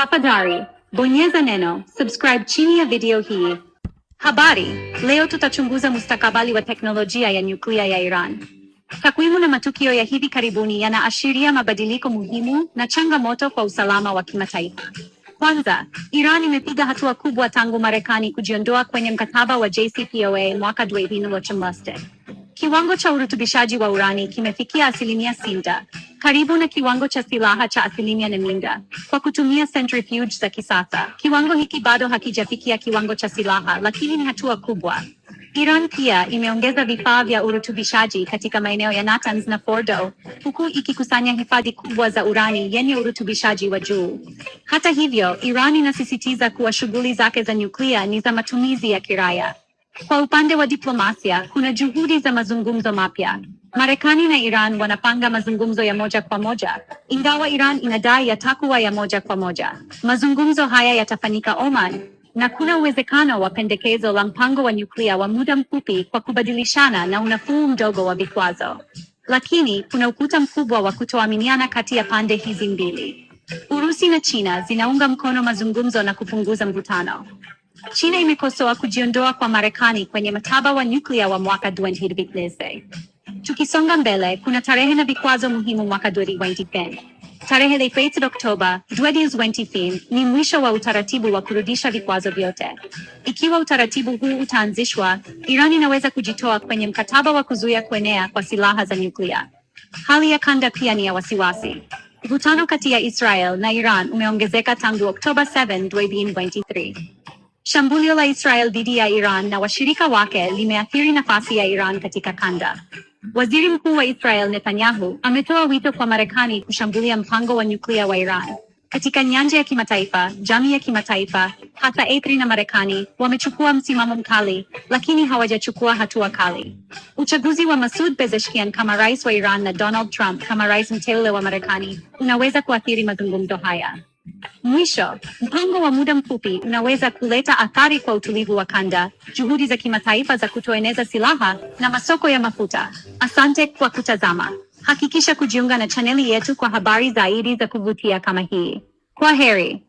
Tafadhali bonyeza neno subscribe chini ya video hii. Habari, leo tutachunguza mustakabali wa teknolojia ya nyuklia ya Iran. Takwimu na matukio ya hivi karibuni yanaashiria mabadiliko muhimu na changamoto kwa usalama wa kimataifa. Kwanza, Iran imepiga hatua kubwa tangu Marekani kujiondoa kwenye mkataba wa JCPOA mwaka 2018. Kiwango cha urutubishaji wa urani kimefikia asilimia sita, karibu na kiwango cha silaha cha asilimia neminda kwa kutumia centrifuge za kisasa. Kiwango hiki bado hakijafikia kiwango cha silaha, lakini ni hatua kubwa. Iran pia imeongeza vifaa vya urutubishaji katika maeneo ya Natanz na Fordo, huku ikikusanya hifadhi kubwa za urani yenye urutubishaji wa juu. Hata hivyo, Iran inasisitiza kuwa shughuli zake za nyuklia ni za matumizi ya kiraia. Kwa upande wa diplomasia, kuna juhudi za mazungumzo mapya. Marekani na Iran wanapanga mazungumzo ya moja kwa moja, ingawa Iran inadai yatakuwa ya moja kwa moja. Mazungumzo haya yatafanyika Oman na kuna uwezekano wa pendekezo la mpango wa nyuklia wa muda mfupi kwa kubadilishana na unafuu mdogo wa vikwazo. Lakini kuna ukuta mkubwa wa kutoaminiana kati ya pande hizi mbili. Urusi na China zinaunga mkono mazungumzo na kupunguza mvutano. China imekosoa kujiondoa kwa Marekani kwenye mkataba wa nyuklia wa mwaka 2012. Tukisonga mbele, kuna tarehe na vikwazo muhimu mwaka 2020. Tarehe 18 Oktoba 2025 ni mwisho wa utaratibu wa kurudisha vikwazo vyote. Ikiwa utaratibu huu utaanzishwa, Iran inaweza kujitoa kwenye mkataba wa kuzuia kuenea kwa silaha za nyuklia. Hali ya kanda pia ni ya wasiwasi. Mvutano kati ya Israel na Iran umeongezeka tangu Oktoba 7, 2023. Shambulio la Israel dhidi ya Iran na washirika wake limeathiri nafasi ya Iran katika kanda. Waziri Mkuu wa Israel Netanyahu ametoa wito kwa Marekani kushambulia mpango wa nyuklia wa Iran. Katika nyanja ya kimataifa, jamii ya kimataifa, hata ethri na Marekani wamechukua msimamo mkali, lakini hawajachukua hatua kali. Uchaguzi wa masud Pezeshkian kama rais wa Iran na Donald Trump kama rais mteule wa Marekani unaweza kuathiri mazungumzo haya. Mwisho, mpango wa muda mfupi unaweza kuleta athari kwa utulivu wa kanda, juhudi za kimataifa za kutoeneza silaha na masoko ya mafuta. Asante kwa kutazama. Hakikisha kujiunga na chaneli yetu kwa habari zaidi za kuvutia kama hii. Kwa heri.